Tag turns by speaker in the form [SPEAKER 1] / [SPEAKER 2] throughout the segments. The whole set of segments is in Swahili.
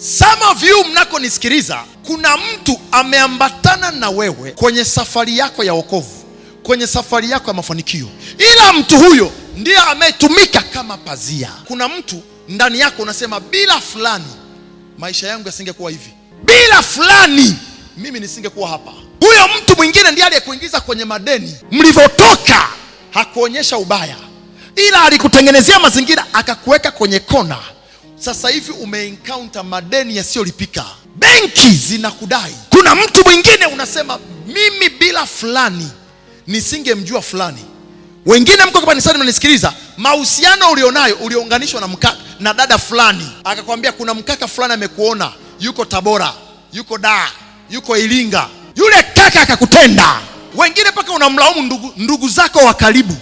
[SPEAKER 1] Some of you mnakonisikiliza, kuna mtu ameambatana na wewe kwenye safari yako ya wokovu, kwenye safari yako ya mafanikio, ila mtu huyo ndiye ametumika kama pazia. Kuna mtu ndani yako unasema, bila fulani maisha yangu yasingekuwa hivi, bila fulani mimi nisingekuwa hapa. Huyo mtu mwingine ndiye aliyekuingiza kwenye madeni. Mlivyotoka hakuonyesha ubaya, ila alikutengenezea mazingira, akakuweka kwenye kona sasa hivi umeencounter madeni yasiyolipika, benki zinakudai, kuna mtu mwingine unasema mimi bila fulani nisingemjua fulani. Wengine mko kanisani mnanisikiliza, mahusiano ulionayo uliounganishwa na mkaka na dada fulani, akakwambia kuna mkaka fulani amekuona, yuko Tabora, yuko Dar, yuko Iringa, yule kaka akakutenda. Wengine mpaka unamlaumu ndugu, ndugu zako wa karibu,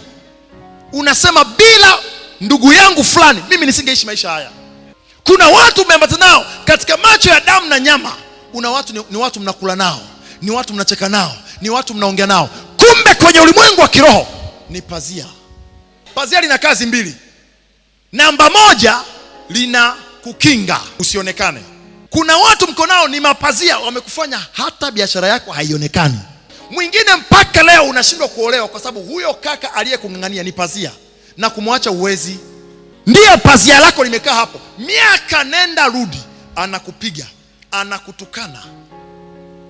[SPEAKER 1] unasema bila ndugu yangu fulani mimi nisingeishi maisha haya. Kuna watu umeambatana nao katika macho ya damu na nyama, una watu ni, ni watu mnakula nao, ni watu mnacheka nao, ni watu mnaongea nao, kumbe kwenye ulimwengu wa kiroho ni pazia. Pazia lina kazi mbili. Namba moja, lina kukinga usionekane. Kuna watu mko nao ni mapazia, wamekufanya hata biashara yako haionekani. Mwingine mpaka leo unashindwa kuolewa kwa sababu huyo kaka aliyekung'ang'ania ni pazia na kumwacha uwezi ndiyo pazia lako limekaa hapo, miaka nenda rudi, anakupiga anakutukana,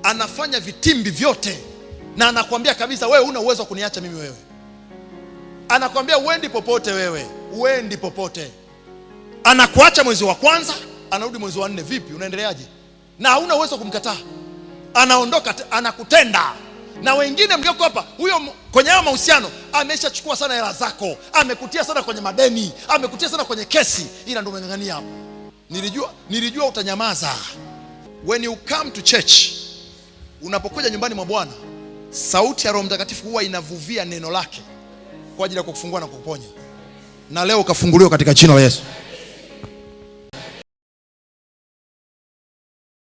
[SPEAKER 1] anafanya vitimbi vyote, na anakuambia kabisa, wewe huna uwezo wa kuniacha mimi. Wewe anakuambia uendi popote, wewe uendi popote. Anakuacha mwezi wa kwanza, anarudi mwezi wa nne. Vipi, unaendeleaje? Na hauna uwezo wa kumkataa. Anaondoka, anakutenda na wengine mgeko hapa, huyo kwenye hayo mahusiano ameshachukua sana hela zako, amekutia sana kwenye madeni, amekutia sana kwenye kesi, ila ndo umeng'ang'ania hapo. Nilijua, nilijua utanyamaza. When you come to church, unapokuja nyumbani mwa Bwana, sauti ya Roho Mtakatifu huwa inavuvia neno lake kwa ajili ya kukufungua na kukuponya, na leo ukafunguliwa katika jina la Yesu.